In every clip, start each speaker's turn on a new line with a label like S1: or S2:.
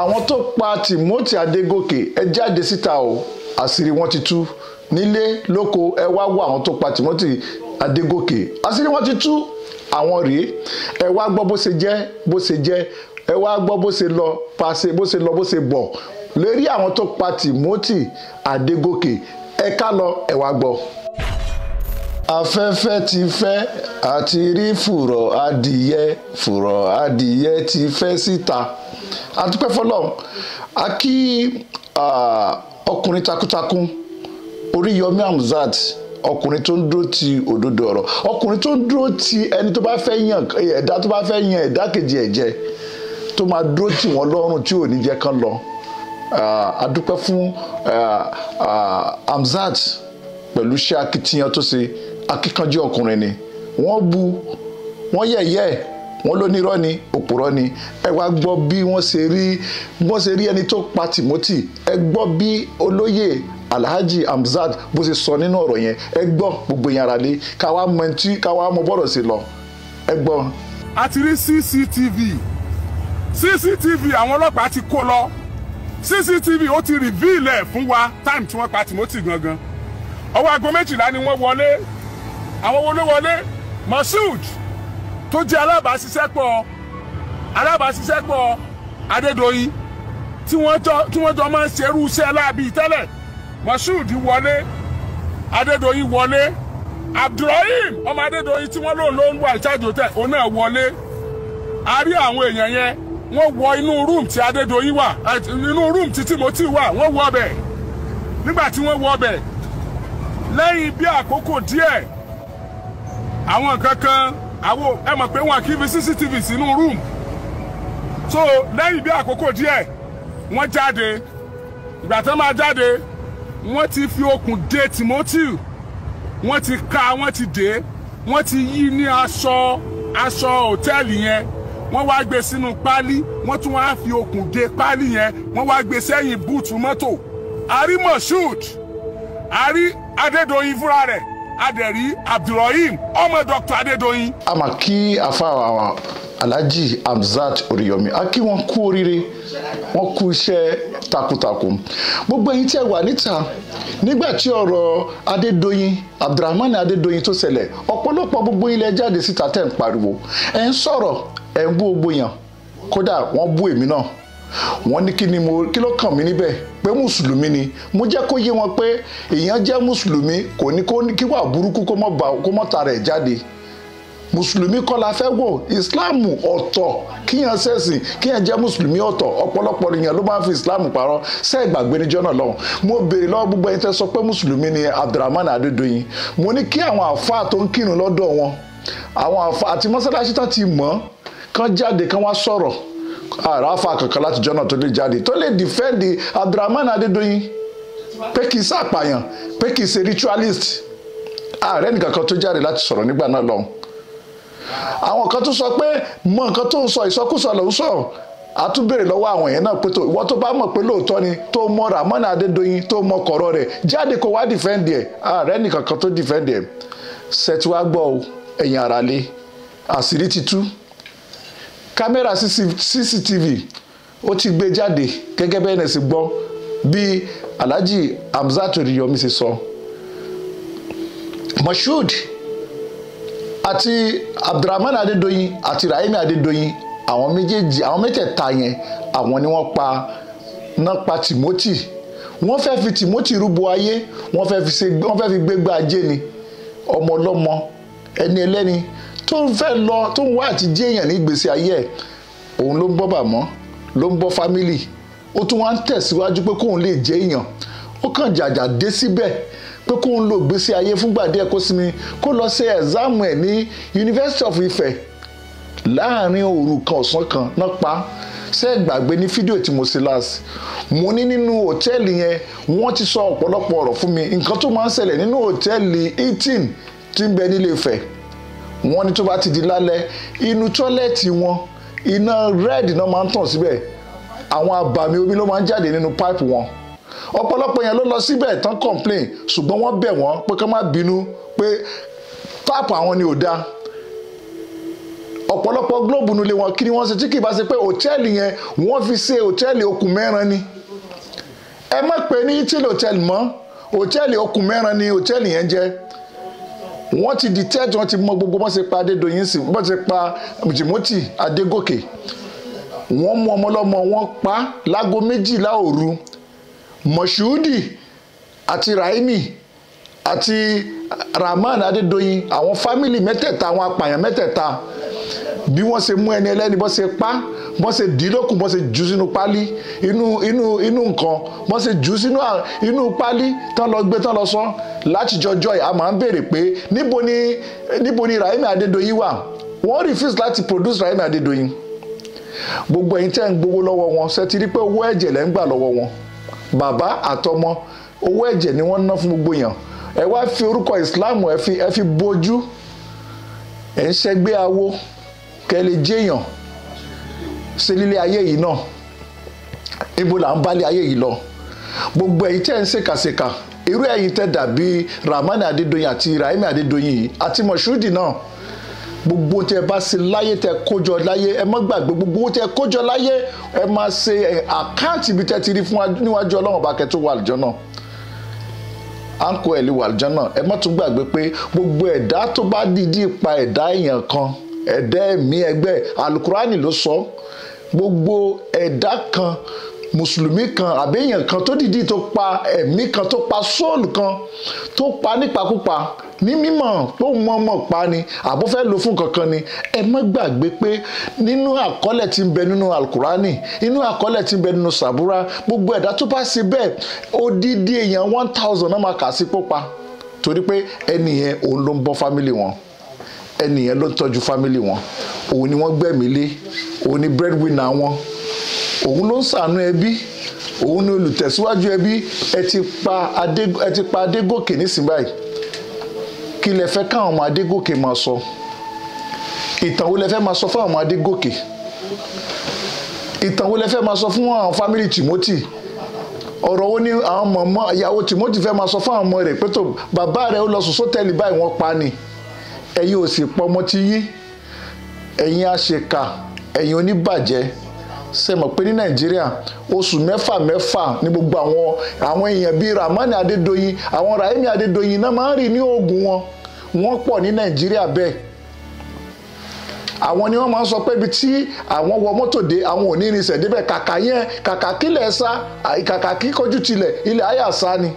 S1: àwọn tó pa Timothy Adégòkè ẹ jáde síta o àṣírí wọn ti tú nílé lóko ẹ wá wá àwọn tó pa Timothy Adégòkè àṣírí wọn ti tú àwọn rèé ẹ wá gbọ́ bó ṣe jẹ́ bó ṣe jẹ́ ẹ wá gbọ́ bó ṣe lọ pàṣẹ bó ṣe lọ bó ṣe bọ̀ lórí àwọn tó pa Timothy Adégòkè ẹ ká lọ ẹ wá gbọ́ afẹ́fẹ́ ti fẹ́ àti rí fùrọ̀ adìyẹ fùrọ̀ adìyẹ ti fẹ́ síta àtúpẹ́ fọlọ́run a kí ọkùnrin takuntakun Oríyọmí Hamzat ọkùnrin tó ń dúró ti òdodo ọ̀rọ̀ ọkùnrin tó ń dúró ti ẹni tó bá fẹ́ yan ẹ̀dá tó bá fẹ́ yan ẹ̀dá kejì ẹ̀ jẹ tó máa dúró tì wọ́n lọ́rùn tí ò ní jẹ́ kán lọ adúpẹ́ fún Hamzat pẹ̀lú iṣẹ́ akitiyan tó ṣe akíkanjú ọkùnrin ni wọ́n bu wọ́n yẹ̀yẹ́ wọ́n ló nírọ́ ni òpùrọ́ ni ẹ wá gbọ́ bí wọ́n ṣe rí wọ́n ṣe rí ẹni tó pa Timothy ẹ gbọ́ bí olóyè Alhaji amzad bó ṣe sọ nínú ọ̀rọ̀ yẹn ẹ gbọ́ gbogbo yàrá lé káwa mọ ẹntì káwa mọ bọ́rọ̀ sí lọ
S2: ẹ gbọ́. a ti rí CCTV CCTV àwọn ọlọ́pàá ti kó lọ CCTV ó ti rìvíìlẹ̀ fún wa táìmù tí wọ́n pa Timothy gangan ọwọ́ aago méjìlá ni wọ́n wọlé àwọn wo ló wọlé Mashood tó jẹ́ alábàáṣiṣẹ́pọ̀ alábàáṣiṣẹ́pọ̀ Adédoyin tí wọ́n jọ máa ń ṣerú iṣẹ́ láàbí tẹ́lẹ̀ Mashood wọlé Adédoyin wọlé Abdulrahim ọmọ Adédoyin tí wọ́n lòun ló ń wà ìjájò tẹ̀ òun náà wọlé a rí àwọn èèyàn yẹn wọ́n wọ inú rúùm tí Adédoyin wà inú rúùm tí Timothy wà wọ́n wọ ọbẹ̀ nígbà tí wọ́n wọ ọbẹ̀ lẹ́yìn bí àkókò díẹ̀ àwọn kankan àwọn ẹ mọ̀ pé wọn kì í fi cctv sínú room so lẹ́yìn bí àkókò díẹ̀ wọ́n jáde ìgbà tó máa jáde wọ́n ti fi okùn dè Timothy wọ́n ti ká wọ́n ti dè wọ́n ti yí ní aṣọ aṣọ hòtẹ́ẹ̀lì yẹn wọ́n wá gbé sínú páálí wọ́n tún wá fi okùn dè páálí yẹn wọ́n wá gbé sẹ́yìn búùtù mọ́tò àrí Moshood àrí Adédoyin fúnra rẹ̀ adẹ̀rí abdulrahim ọmọ dr adédọyìn. a máa
S1: kí afa àwọn alhaji hamzat oríyọmí a kí wọn kú oríire wọn kú iṣẹ́ takuntakun gbogbo ẹ̀yin tí ẹ wà níta nígbà tí ọ̀rọ̀ adédọyìn abdulrahman adédọyìn tó ṣẹlẹ̀ ọ̀pọ̀lọpọ̀ gbogbo ilẹ̀ jáde síta tẹ̀ ń pariwo ẹ̀ ń sọ̀rọ̀ ẹ̀ ń bú gbogbo yàn kódà wọ́n bú èmi náà wọ́n ní kí ni mo kí ló kàn mí níbẹ̀ pé mùsùlùmí ni mo jẹ́ kó yé wọn pé èèyàn jẹ́ mùsùlùmí kò ní kí wà burúkú kó mọ̀ bá kó mọ̀ tara ẹ̀ jáde mùsùlùmí kọ́ la fẹ́ wò ìsìláàmù ọ̀tọ̀ kíyàn ṣẹ̀sìn kíyàn jẹ́ mùsùlùmí ọ̀tọ̀ ọ̀pọ̀lọpọ̀ èèyàn ló máa ń fi ìsìláàmù parọ́ ṣe ìgbàgbé níjọ́ náà lọ́hùn mo béèrè lọ́wọ́ gbogbo ẹni tẹ́ sọ pé mùsùlùmí ni abdulrahman adédọ́yìn mo ní kí àwọn àfáà tó ń kírun lọ́dọ̀ wọn àwọn àfáà àti mọ́sálásí tán ti mọ̀ kán jáde kán wá sọ̀rọ̀ àràfà ah, kankan láti jọ́nà tó lè jáde tó lè dìfẹ́ǹdì Abdulrahman Adédoyin pé kì í sàpàyàn pé kì í ṣe ritualist ààrẹ ah, nìkan kan tó jáde láti sọ̀rọ̀ nígbà náà lọ́hùn àwọn kan tó sọ pé mọ nǹkan tó ń sọ ìsọkúsọ lòún sọ àtúbèrè lọ́wọ́ àwọn èèyàn náà pé tó ìwọ tó bá mọ̀ pé lóòótọ́ ni tó mọ Rahmon Adédoyin tó mọ kọ̀rọ̀ rẹ̀ jáde kó wá dìfẹ́ǹdì ẹ̀ ààrẹ ah, nìkan kan tó dìfẹ́ǹdì ẹ̀ ṣètìwá gbọ́ ẹ̀yìn àràlé àṣírí ti tú kámẹ́rà cctv ó ti gbé jáde gẹ́gẹ́ bẹ́ẹ̀ nẹ̀sì gbọ́ bí alhaji hamzat oriyomi ṣe sọ moshood àti abdulrahman adedoyin àti rahimi adedoyin àwọn méjèèjì àwọn mẹ́tẹ̀ẹ̀ta yẹn àwọn ni wọ́n pa náà pa timothy wọ́n fẹ́ fi timothy rúbọ ayé wọ́n fẹ́ fi gbégbá ajé ni ọmọ ọlọ́mọ ẹni ẹlẹ́ni tó ń fẹ́ lọ tó ń wá àti jí èèyàn ní ìgbésí ayé ẹ̀ òun ló ń bọ́ bàmọ́ ló ń bọ́ fámìlì ó tún wá ń tẹ̀síwájú pé kóun lè jẹ́ èèyàn ó kàn jàjà dé síbẹ̀ pé kóun lo ìgbésí ayé fúngbà díẹ̀ kó sinmi kó lọ ṣe ẹ̀záàmù ẹ̀ ní University of Ife láàrin òru kan ọ̀sán kan náà pa ṣe gbàgbé ní fídíò tí mo ṣe láàsì mo ní nínú òtẹ́ẹ̀lì yẹn wọ́n ti sọ ọ̀pọ̀lọpọ̀ ọ̀rọ̀ fún mi nǹkan tó máa ń ṣẹlẹ̀ nínú òtẹ́ẹ̀lì 18 tí ń bẹ nílé Ifẹ̀ wọ́n ní tó bá ti di lálẹ́ inú tọ́lẹ́ẹ̀tì wọn iná rẹ́ẹ̀dì náà máa ń tàn síbẹ̀ àwọn abàmì omi ló máa ń jáde nínú páìpù wọn ọ̀pọ̀lọpọ̀ yẹn ló lọ síbẹ̀ tán complain ṣùgbọ́n wọ́n bẹ̀ wọ́n pé ká má bínú pé páàpù àwọn ni ò da ọ̀pọ̀lọpọ̀ gílóòbù nílé wọn kí ni wọ́n ṣe tí kì í bá ṣe pé hòtẹ́ẹ̀lì yẹn wọ́n fi ṣe hòtẹ́ẹ̀lì okùn mẹ́ran ni ẹ má pè ní italy hòtẹ́ẹ̀lì mọ́ hòtẹ́ẹ̀lì okùn mẹ́ran ni hòtẹ́ẹ̀lì yẹn jẹ́ wọ́n ti detect wọ́n ti mọ gbogbo wọ́n ti pa Adédoyin sí wọ́n ti pa Timothy Adégòkè wọ́n mú ọmọlọ́mọ wọ́n pa lágo méjìlá òru Mọ̀ṣúdì àti Raimi àti Rahman Adédoyin àwọn fámìlì mẹ́tẹ̀ẹ̀ta àwọn apààyàn mẹ́tẹ̀ẹ̀ta bí wọ́n ṣe mú ẹni ẹlẹ́ni bọ́n ṣe pa bọ́n ṣe dì í lókun bọ́n ṣe jù sínú pálí inú inú inú nǹkan bọ́n ṣe jù sínú inú pálí tán lọ gbé tán lọ sọ látijọ́jọ́ yìí a máa ń béèrè pé níbo ni níbo ni Rahimi Adédoyin wà wọ́n refuse láti produce Rahimi Adédoyin gbogbo ẹ̀yin tẹ́ ń gbowó lọ́wọ́ wọn ṣe ti rí pé owó ẹ̀jẹ̀ lẹ́ ń gbà lọ́wọ́ wọn bàbá àtọmọ owó ẹ̀jẹ̀ ni wọ́n ná fún gbogbo yàn ẹ wá fi orúkọ Islam ẹ fi ẹ fi bojú ẹ ń ṣẹgbẹ́ awo kẹ́ lè jẹ́yàn sí nílé ayé yìí náà ibo là ń bálé ayé yìí lọ gbogbo ẹ̀yin tẹ́ ń ṣèkàṣèkà irú ẹ̀yin tẹ́ dàbí Rahmani Adédoyin àti Rahimi Adédoyin yìí àti Moshood náà gbogbo tẹ bá ṣe láyé tẹ kójọ láyé ẹ má gbàgbé gbogbo tẹ kójọ láyé ẹ máa ṣe àkáǹtì ibi tẹ ti rí fún níwájú ọlọ́run bá kẹtó wà lọ́jọ́ náà àǹkó ẹ̀ lè wà lọ́jọ́ náà ẹ má tún gbàgbé pé gbogbo ẹ̀dá tó bá dìídì pa ẹ̀dá èèyàn kan ẹ̀dá ẹ̀mí ẹgbẹ́ alukurani ló sọ gbogbo ẹ̀dá kan mùsùlùmí kan àbẹ́yàn kan tó dìdí tó pa ẹ̀mí kan tó pa sóòlù kan tó pa nípakúpa ní mímọ̀ tó mọ̀ mọ̀ pa ni àbó fẹ́ lò fún kankan ni ẹ má gbàgbé pé nínú àkọọ́lẹ̀ tí ń bẹ nínú alukurani nínú àkọọ́lẹ̀ tí ń bẹ nínú sàbúrà gbogbo ẹ̀dá tó bá ṣe bẹ́ẹ̀ odidi èèyàn one thousand náà máa kà sí pópa torí pé ẹnìyẹn òun ló ń bọ́ fámìlì wọn ẹnìyẹn ló ń tọ́jú fámìlì wọn òun ni wọ́n gbẹ̀mí lé òun ni breadwinner wọn òun ló ń ṣàánú ẹbí òun ni olùtẹ̀síwájú ẹbí ẹ ti pa adé ẹ ti pa adégòkè nísìnyí báyìí kí lẹ fẹ́ káwọn ọmọ adégòkè máa sọ ìtàn wo lẹ fẹ́ máa sọ fún àwọn ọmọ adégòkè ìtàn wo lẹ fẹ́ máa sọ fún àwọn fámìlì Timothy ọ̀rọ̀ wo ni àwọn mọ̀mọ́ ìyàwó Timothy fẹ́ máa sọ fún àwọn ọmọ rẹ̀ pé tó bàbá rẹ̀ ó lọ sùn sótẹ́ẹ̀lì báyìí wọ́n pa ni. So ẹ̀yin ò sì pọmọ tí yín ẹ̀yin àṣekà ẹ̀yin oníbàjẹ́ ṣe mọ̀ pé ní nàìjíríà oṣù mẹ́fà mẹ́fà ní gbogbo àwọn àwọn èèyàn bíi ramani adédoyin àwọn rahimi adédoyin náà máa ń rí ní oògùn wọn wọ́n pọ̀ ní nàìjíríà bẹ́ẹ̀ àwọn ni wọ́n máa ń sọ pé ibi tí àwọn wọ mọ́tò dé àwọn ò ní irinṣẹ́ débẹ̀ kàkà yẹn kàkà kílẹ̀ sá kàkà kíkọjú tilẹ̀ ilẹ̀ ayà sá ni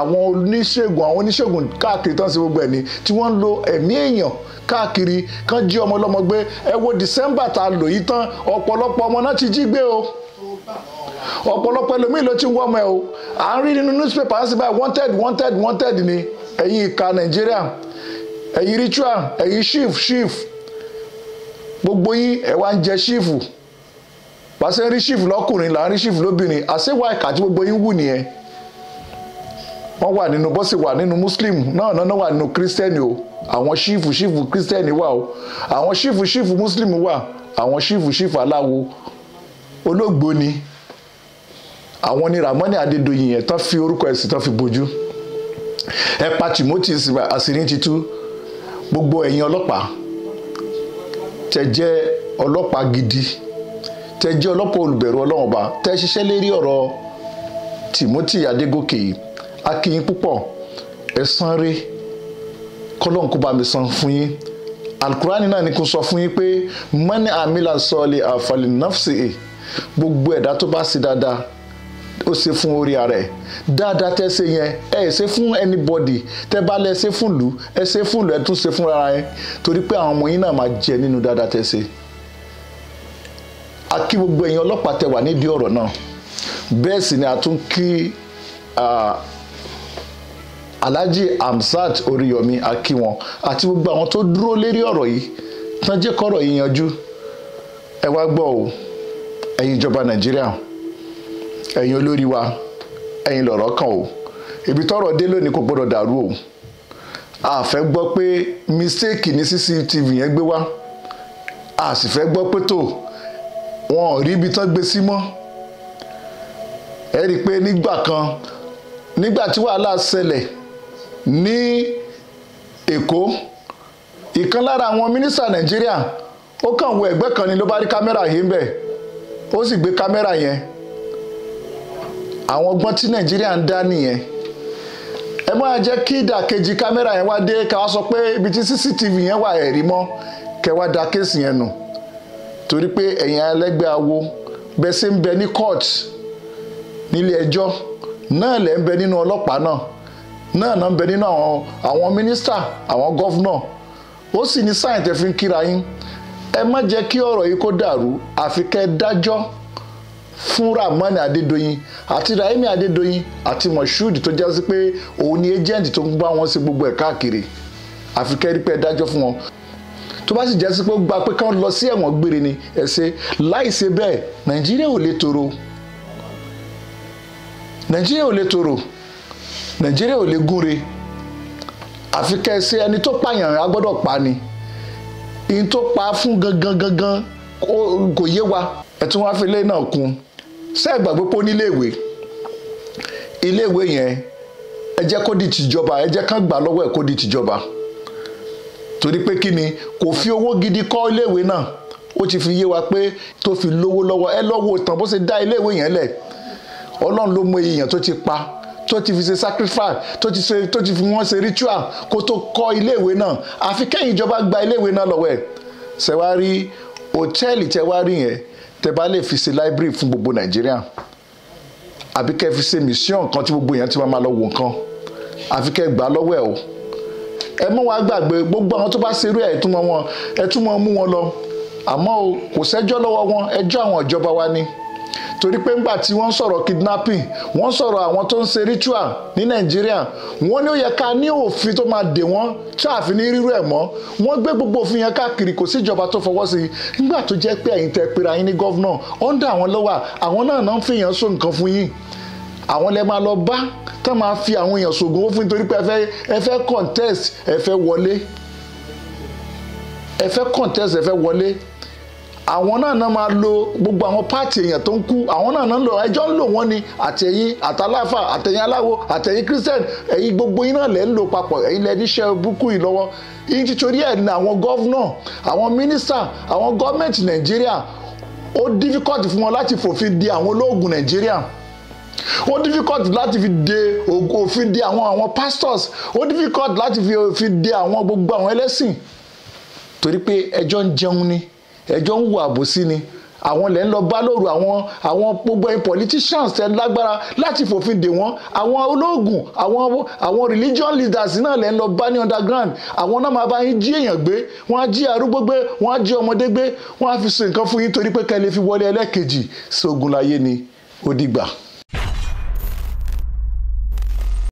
S1: àwọn oníṣègùn àwọn oníṣègùn káàkiri tán sí gbogbo ẹ̀ ni tí wọ́n ń lo ẹ̀mí èèyàn káàkiri kán jí ọmọ ọlọ́mọ gbé ẹ wo December ta lò yìí tán ọ̀pọ̀lọpọ̀ ọmọ náà ti jí gbé o ọ̀pọ̀lọpọ̀ ẹlòmíì ló ti ń wọ́mọ ẹ o à ń rí nínú newspaper ṣe báyìí wanted wanted wanted ni ẹ̀yin ìka Nàìjíríà ẹ̀yin ritual ẹ̀yin chief chief gbogbo yín ẹ̀ wá ń jẹ chief pàṣẹ rí chief lọ́kùnrin là ń rí chief lóbìnrin àṣewà ìkà tí gbogbo yín wù nìyẹn wọ́n wà nínú bọ́sì wà nínú muslim náà náà wà nínú kírísítẹ́nì o àwọn ṣífù ṣífù kírísítẹ́nì wà o àwọn ṣífù ṣífù muslim wà àwọn ṣífù ṣífù aláwo olóògbó ni àwọn ni Ramoni Adédoyin yẹn tán fi orúkọ ẹ̀sìn tán fi bójú ẹ pa Timothy àṣírí titú gbogbo ẹ̀yin ọlọ́pàá tẹ jẹ́ ọlọ́pàá gidi tẹ jẹ́ ọlọ́pàá olùbẹ̀rù Ọlọ́run ọba tẹ ṣiṣẹ́ lérí ọ̀rọ̀ Timothy Adégòkè yìí a kí yín púpọ̀ ẹ̀san rẹ̀ kọ́lọ́n kó bá mi san fún yín alukurani náà ni kò sọ fún yín pé mọ́ni amila sọ́ọ̀lì àfàlì nọ́fṣì ẹ̀ gbogbo ẹ̀dá tó bá sí dáadáa ó ṣe fún orí ara ẹ̀ dáadáa tẹ́ ṣe yẹn ẹ ṣe fún anybody tẹ́ bá lẹ ṣe fún ìlú ẹ ṣe fún ìlú ẹ tún ṣe fún ara yẹn torí pé àwọn ọmọ yín náà máa jẹ nínú dáadáa tẹ́ ṣe. a kí gbogbo ẹ̀yin ọlọ́pàá tẹ́ wà nídìí ọ̀rọ̀ náà bẹ́ẹ̀ sì ni a tún kí alhaji hamsat oríyọmí akínwọn àti gbogbo àwọn tó dúró lérí ọ̀rọ̀ yìí tán jẹ́ kọ́rọ̀ yìí yanjú ẹ wá gbọ́ o ẹ̀yin ìjọba nàìjíríà ẹ̀yin olórí wa ẹ̀yin lọ̀rọ̀ kan o ibi tọ́rọ̀ dé lónìí kò gbọ́dọ̀ dàrú o a fẹ́ gbọ́ pé mistake ni cctv yẹn gbé wá a sì fẹ́ gbọ́ pé tó wọn ò rí ibi tán gbé sí mọ́ ẹ rí i pé nígbà kan nígbà tí wàhálà ṣẹlẹ̀ ní èkó ìkan lára àwọn mínísítà nàìjíríà ó kàn wo ẹ̀gbẹ́ kan ni ló bá rí kámẹ́rà yìí ń bẹ̀ ó sì gbé kámẹ́rà yẹn àwọn ọgbọ́n tí nàìjíríà ń dá nìyẹn ẹ máa jẹ́ kí ìdàkejì kámẹ́rà yẹn wá dé ká wá sọ pé ibi tí cctv yẹn wà ẹ̀rí mọ́ kẹ wá da kéèsì yẹn nù torí pé ẹ̀yin ẹlẹ́gbẹ́ awo bẹ́ẹ̀ ṣe ń bẹ ní court nílé ẹjọ́ náà lẹ́ ń bẹ nínú ọlọ́pàá náà. náà náà ń bẹ nínú àwọn àwọn mínísítà àwọn gọ́fúnà ó sì ní sáyẹn tẹ́ fi ń kíra yín ẹ má jẹ́ kí ọ̀rọ̀ yìí kó dàrú àfi kẹ́ dájọ́ fún Ramani Adédoyin àti Rahimi Adédoyin àti Moshood tó jẹ́ sí pé òun ni ẹ́jẹ̀ǹtì tó ń bá wọn sí gbogbo ẹ̀ káàkiri àfi kẹ́ rí pé ẹ dájọ́ fún wọn tó bá sì jẹ́ sí pé ó gba pé káwọn lọ sí ẹ̀wọ̀n gbére ni ẹ ṣe láì ṣe bẹ́ẹ̀ Nàìjíríà ò lè tòrò Nàìjíríà ò lè tòrò. nàìjíríà ò lè gúnre àfi kẹsẹ ẹni tó pààyàn a gbọ́dọ̀ pa ni ìyẹn tó pa fún gangan gangan kò yé wa ẹtún wá fi ilé náà kún sẹẹgbàgbé pọ níléèwé iléèwé yẹn ẹ jẹ́ kó di tìjọba ẹ jẹ́ kán gbà lọ́wọ́ ẹ kó di tìjọba torí pé kí ni kò fi owó gidi kọ́ iléèwé náà ó ti fi yé wa pé tó fi lówó lọ́wọ́ ẹ lọ́wọ́ tán bó ṣe dá iléèwé yẹn lẹ̀ ọlọ́run ló mọ èèyàn tó ti pa tó ti fi ṣe sacrifice tó ti ṣe tó ti fi wọ́n ṣe ritual kó tó kọ́ iléèwé náà àfi kẹ́yìn ìjọba gba iléèwé náà lọ́wọ́ ẹ̀ ṣẹ̀wárí hòtẹ́ẹ̀lì tẹ́wárí yẹn tẹ́ bá lè fi ṣe library fún gbogbo nàìjíríà àbí kẹ́ fi ṣe mission kan tí gbogbo èèyàn ti máa lọ wò nǹkan àfi kẹ́ gbà lọ́wọ́ ẹ̀ o ẹ mọ́ wàá gbàgbé gbogbo àwọn tó bá ṣerú ẹ̀ ẹ̀túnmọ̀ wọn ẹ̀túnmọ̀ mú wọn lọ àmọ́ o kò sẹ́jọ́ lọ́wọ́ wọn ẹjọ́ àwọn ìjọba wa ni torí pé ńgbà tí wọ́n sọ̀rọ̀ kidnapping wọ́n sọ̀rọ̀ àwọn tó ń ṣe ritual ní nàìjíríà wọ́n ní ó yẹ ká ní òfin tó máa dè wọ́n tí àfi ní rírú ẹ̀ mọ́ wọ́n gbé gbogbo òfin yẹn káàkiri kò sí ìjọba tó fọwọ́ sí i ńgbà tó jẹ́ pé ẹ̀yin tẹ́ pera yín ní gọ́vnà ọ̀ndà àwọn lọ́wà àwọn náà náà ń fi yàn so nǹkan fún yín àwọn lẹ máa lọ bá tán máa fi àwọn èèyàn sògùn ó fún nítorí pé ẹ fẹ́ contest ẹ fẹ́ wọlé ẹ fẹ́ contest ẹ fẹ́ wọlé àwọn náà náà máa lo gbogbo àwọn páàtì èèyàn tó ń kú àwọn náà náà ń lò ẹjọ́ ń lò wọ́n ni àtẹ̀yìn àtàláfà àtẹ̀yìn aláwo àtẹ̀yìn christian ẹ̀yin gbogbo yín náà lẹ́ ń lò papọ̀ ẹ̀yin lẹ́ níṣẹ́ burúkú yìí lọ́wọ́ yín títorí ẹ̀ ní àwọn gọ́vnọ̀ àwọn mínísítà àwọn gọ́ọ̀mẹ̀ntì nàìjíríà ó difficult fún wọn láti fòfin di àwọn olóògùn nàìjíríà ó difficult láti fi de òfin de àwọn àwọn pastors ó difficult láti fi òfin de àwọn gbogbo àwọn ẹlẹ́sìn torí pé ẹjọ́ ń jẹun ni ẹjọ́ ń wo àbòsí ni àwọn lẹ́ ń lọ bá lóru àwọn àwọn gbogbo ẹ̀yin politicians tẹ́ lágbára láti fòfin dè wọ́n àwọn ológun àwọn àwọn religion leaders náà lẹ́ ń lọ bá ní underground àwọn náà máa bá yín jí èèyàn gbé wọ́n á jí arúgbó gbé wọ́n á jí ọmọdé gbé wọ́n á fi ṣe nǹkan fún yín torí pé kẹ́ lè fi wọlé ẹlẹ́kejì sógun láyé ni ó dìgbà.